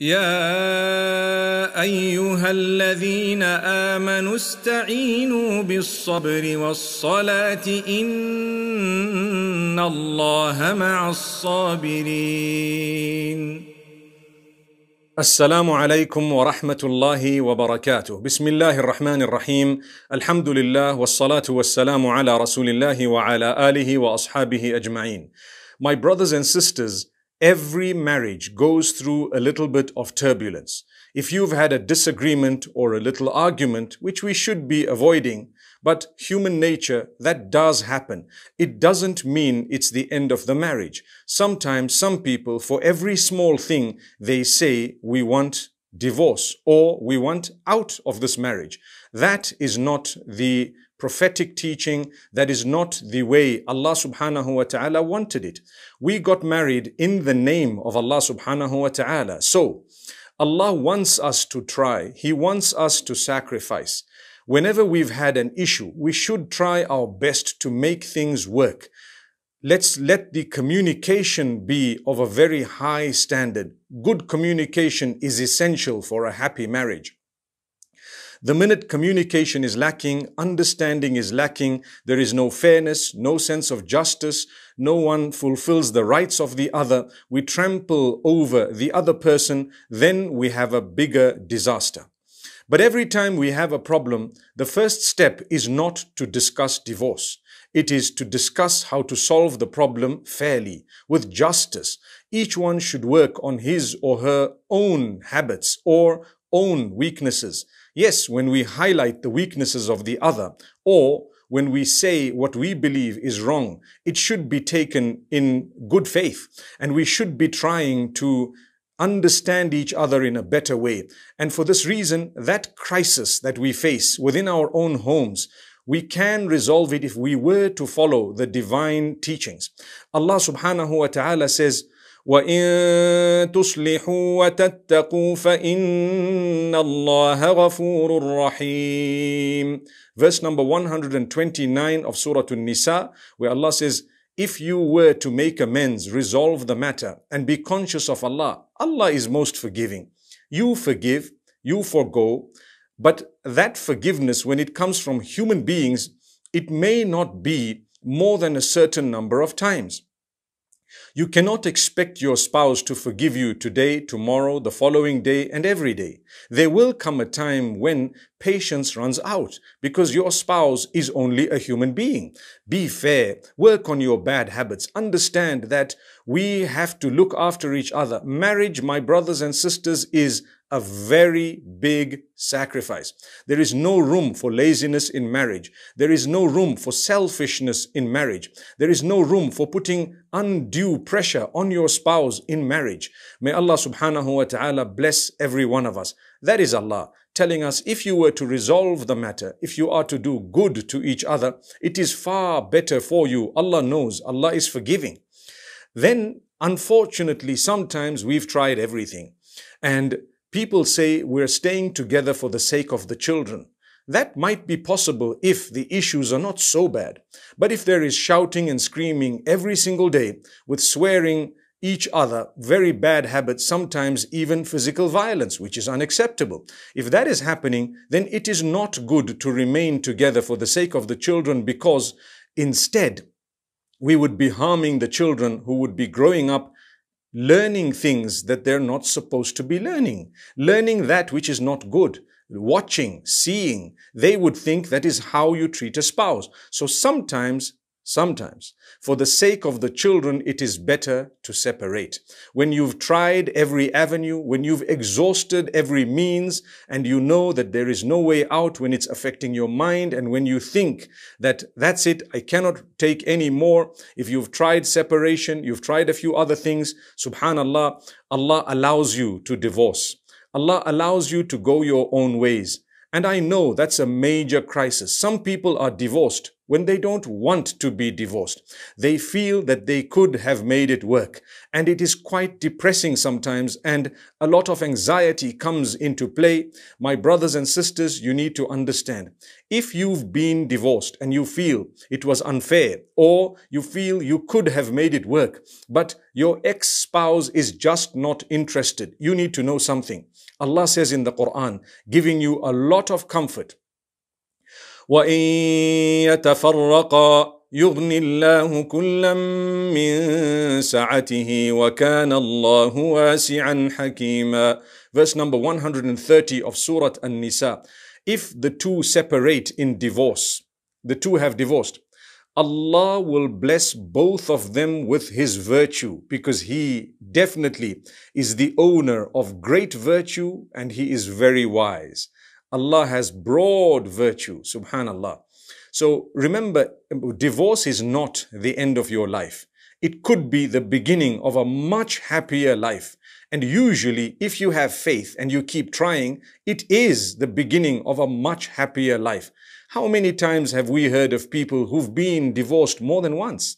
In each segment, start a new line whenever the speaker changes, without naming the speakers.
يا ايها الذين امنوا استعينوا بالصبر والصلاه ان الله مع الصابرين السلام عليكم ورحمه الله وبركاته بسم الله الرحمن الرحيم الحمد لله والصلاه والسلام على رسول الله وعلى اله واصحابه اجمعين My brothers and sisters Every marriage goes through a little bit of turbulence. If you've had a disagreement or a little argument, which we should be avoiding, but human nature, that does happen. It doesn't mean it's the end of the marriage. Sometimes some people, for every small thing, they say, we want divorce or we want out of this marriage. That is not the prophetic teaching. That is not the way Allah subhanahu wa ta'ala wanted it. We got married in the name of Allah subhanahu wa ta'ala. So Allah wants us to try. He wants us to sacrifice. Whenever we've had an issue, we should try our best to make things work. Let's let the communication be of a very high standard. Good communication is essential for a happy marriage. The minute communication is lacking, understanding is lacking, there is no fairness, no sense of justice, no one fulfills the rights of the other, we trample over the other person, then we have a bigger disaster. But every time we have a problem, the first step is not to discuss divorce. It is to discuss how to solve the problem fairly, with justice. Each one should work on his or her own habits or own weaknesses. Yes, when we highlight the weaknesses of the other or when we say what we believe is wrong, it should be taken in good faith and we should be trying to understand each other in a better way. And for this reason, that crisis that we face within our own homes, we can resolve it if we were to follow the divine teachings. Allah subhanahu wa ta'ala says, وان تصلحوا وتتقوا فان الله غفور رحيم verse number 129 of surah an-nisa where allah says if you were to make amends resolve the matter and be conscious of allah allah is most forgiving you forgive you forego but that forgiveness when it comes from human beings it may not be more than a certain number of times you cannot expect your spouse to forgive you today, tomorrow, the following day, and every day. There will come a time when patience runs out because your spouse is only a human being. Be fair. Work on your bad habits. Understand that we have to look after each other. Marriage, my brothers and sisters, is a very big sacrifice. There is no room for laziness in marriage. There is no room for selfishness in marriage. There is no room for putting undue pressure on your spouse in marriage. May Allah subhanahu wa ta'ala bless every one of us. That is Allah telling us if you were to resolve the matter, if you are to do good to each other, it is far better for you. Allah knows. Allah is forgiving. Then, unfortunately, sometimes we've tried everything. And people say we're staying together for the sake of the children. That might be possible if the issues are not so bad. But if there is shouting and screaming every single day with swearing each other, very bad habits, sometimes even physical violence, which is unacceptable. If that is happening, then it is not good to remain together for the sake of the children because instead we would be harming the children who would be growing up learning things that they're not supposed to be learning, learning that which is not good, watching, seeing. They would think that is how you treat a spouse. So sometimes Sometimes, for the sake of the children, it is better to separate. When you've tried every avenue, when you've exhausted every means, and you know that there is no way out when it's affecting your mind, and when you think that that's it, I cannot take any more. If you've tried separation, you've tried a few other things, subhanallah, Allah allows you to divorce. Allah allows you to go your own ways. And I know that's a major crisis. Some people are divorced when they don't want to be divorced. They feel that they could have made it work. And it is quite depressing sometimes and a lot of anxiety comes into play. My brothers and sisters, you need to understand. If you've been divorced and you feel it was unfair or you feel you could have made it work, but your ex-spouse is just not interested, you need to know something. Allah says in the Quran, giving you a lot of comfort. وَإِن يغني الله كلا من سعته وكان الله واسعا حكيما Verse number 130 of Surah An-Nisa If the two separate in divorce, the two have divorced, Allah will bless both of them with His virtue because He definitely is the owner of great virtue and He is very wise. Allah has broad virtue, subhanAllah. So remember, divorce is not the end of your life. It could be the beginning of a much happier life. And usually, if you have faith and you keep trying, it is the beginning of a much happier life. How many times have we heard of people who've been divorced more than once?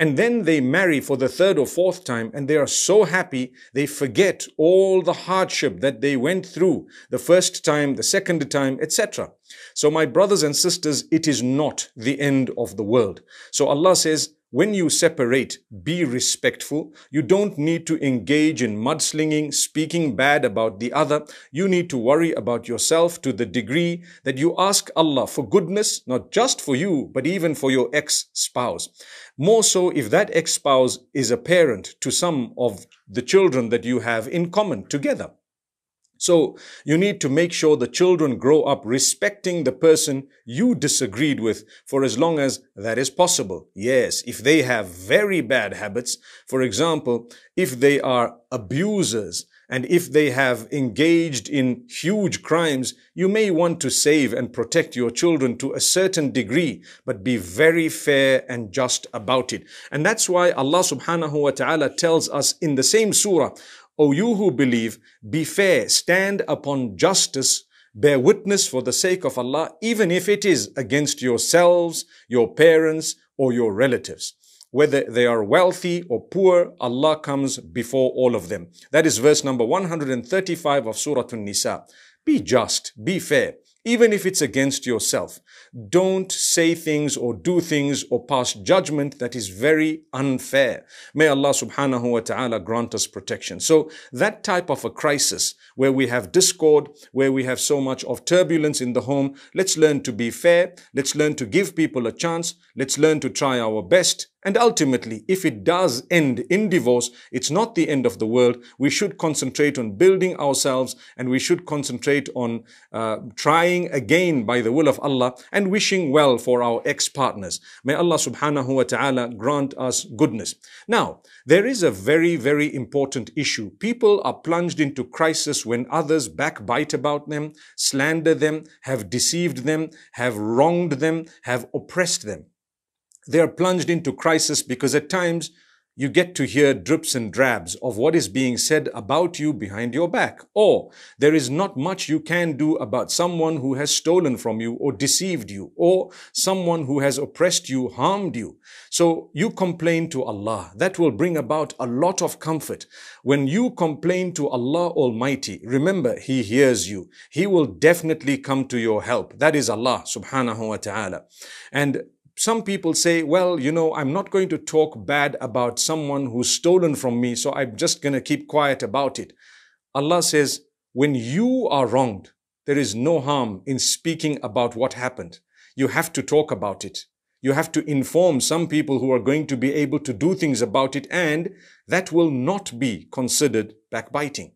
And then they marry for the third or fourth time and they are so happy they forget all the hardship that they went through the first time, the second time, etc. So my brothers and sisters, it is not the end of the world. So Allah says, when you separate, be respectful. You don't need to engage in mudslinging, speaking bad about the other. You need to worry about yourself to the degree that you ask Allah for goodness, not just for you, but even for your ex-spouse. More so if that ex-spouse is a parent to some of the children that you have in common together. So you need to make sure the children grow up respecting the person you disagreed with for as long as that is possible. Yes, if they have very bad habits, for example, if they are abusers, and if they have engaged in huge crimes, you may want to save and protect your children to a certain degree, but be very fair and just about it. And that's why Allah subhanahu wa ta'ala tells us in the same surah, O you who believe, be fair, stand upon justice, bear witness for the sake of Allah, even if it is against yourselves, your parents, or your relatives. Whether they are wealthy or poor, Allah comes before all of them. That is verse number 135 of Surah An-Nisa. Be just, be fair even if it's against yourself. Don't say things or do things or pass judgment that is very unfair. May Allah subhanahu wa ta'ala grant us protection. So that type of a crisis where we have discord, where we have so much of turbulence in the home, let's learn to be fair. Let's learn to give people a chance. Let's learn to try our best and ultimately, if it does end in divorce, it's not the end of the world. We should concentrate on building ourselves and we should concentrate on uh, trying again by the will of Allah and wishing well for our ex-partners. May Allah subhanahu wa ta'ala grant us goodness. Now, there is a very, very important issue. People are plunged into crisis when others backbite about them, slander them, have deceived them, have wronged them, have oppressed them. They are plunged into crisis because at times you get to hear drips and drabs of what is being said about you behind your back. Or there is not much you can do about someone who has stolen from you or deceived you or someone who has oppressed you, harmed you. So you complain to Allah. That will bring about a lot of comfort. When you complain to Allah Almighty, remember He hears you. He will definitely come to your help. That is Allah subhanahu wa ta'ala. And some people say, well, you know, I'm not going to talk bad about someone who's stolen from me, so I'm just going to keep quiet about it. Allah says, when you are wronged, there is no harm in speaking about what happened. You have to talk about it. You have to inform some people who are going to be able to do things about it, and that will not be considered backbiting.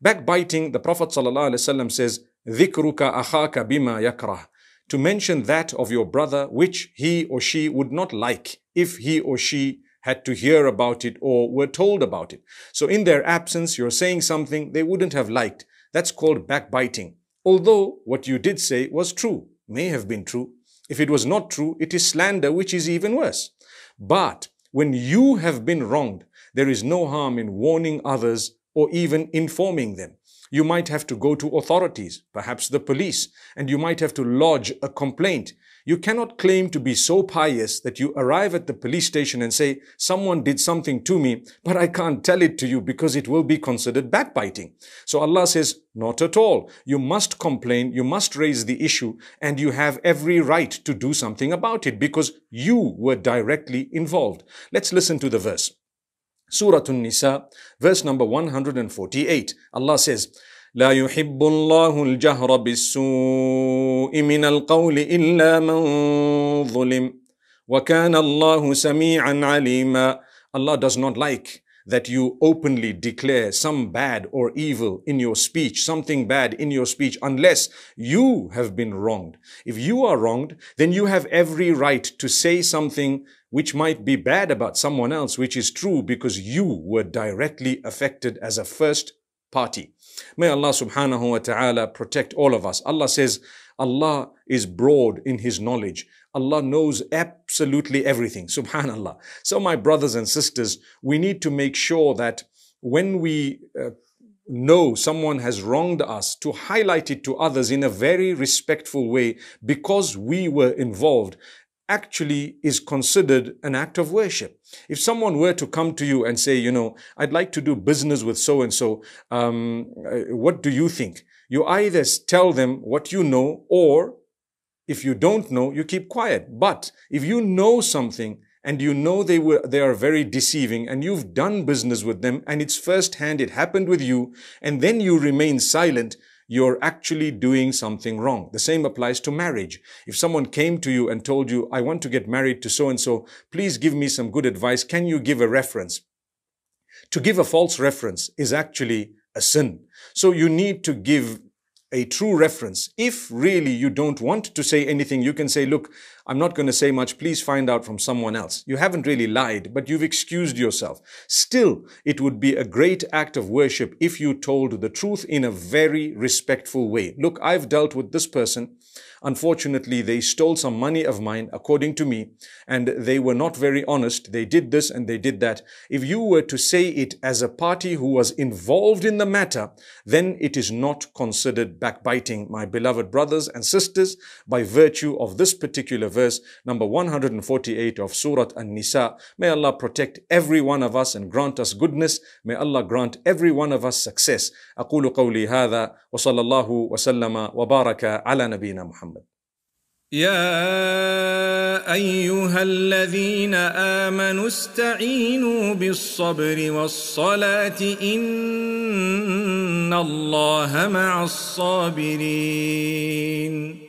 Backbiting, the Prophet ﷺ says, ذِكْرُكَ أَخَاكَ بِمَا يَكْرَهُ to mention that of your brother which he or she would not like if he or she had to hear about it or were told about it. So in their absence, you're saying something they wouldn't have liked. That's called backbiting. Although what you did say was true, may have been true. If it was not true, it is slander, which is even worse. But when you have been wronged, there is no harm in warning others or even informing them. You might have to go to authorities, perhaps the police, and you might have to lodge a complaint. You cannot claim to be so pious that you arrive at the police station and say, someone did something to me, but I can't tell it to you because it will be considered backbiting. So Allah says, not at all. You must complain, you must raise the issue, and you have every right to do something about it because you were directly involved. Let's listen to the verse. Surah An-Nisa, verse number 148. Allah says, لا يحب الله الجهر بالسوء من القول إلا من ظلم وكان الله سميعا عليما Allah does not like that you openly declare some bad or evil in your speech, something bad in your speech, unless you have been wronged. If you are wronged, then you have every right to say something which might be bad about someone else, which is true because you were directly affected as a first party. May Allah subhanahu wa ta'ala protect all of us. Allah says, Allah is broad in His knowledge. Allah knows absolutely everything. Subhanallah. So my brothers and sisters, we need to make sure that when we uh, know someone has wronged us to highlight it to others in a very respectful way because we were involved actually is considered an act of worship. If someone were to come to you and say, you know, I'd like to do business with so and so, what do you think? You either tell them what you know or if you don't know, you keep quiet. But if you know something and you know they were, they are very deceiving and you've done business with them and it's firsthand, it happened with you, and then you remain silent, you're actually doing something wrong. The same applies to marriage. If someone came to you and told you, I want to get married to so and so, please give me some good advice. Can you give a reference? To give a false reference is actually a sin. So you need to give a true reference. If really you don't want to say anything, you can say, look, I'm not going to say much. Please find out from someone else. You haven't really lied, but you've excused yourself. Still, it would be a great act of worship if you told the truth in a very respectful way. Look, I've dealt with this person. Unfortunately, they stole some money of mine, according to me, and they were not very honest. They did this and they did that. If you were to say it as a party who was involved in the matter, then it is not considered backbiting, my beloved brothers and sisters, by virtue of this particular verse number 148 of Surah An-Nisa. May Allah protect every one of us and grant us goodness. May Allah grant every one of us success. أقول قولي هذا وصلى الله وسلم وبارك على نبينا محمد. يا ايها الذين امنوا استعينوا بالصبر والصلاه ان الله مع الصابرين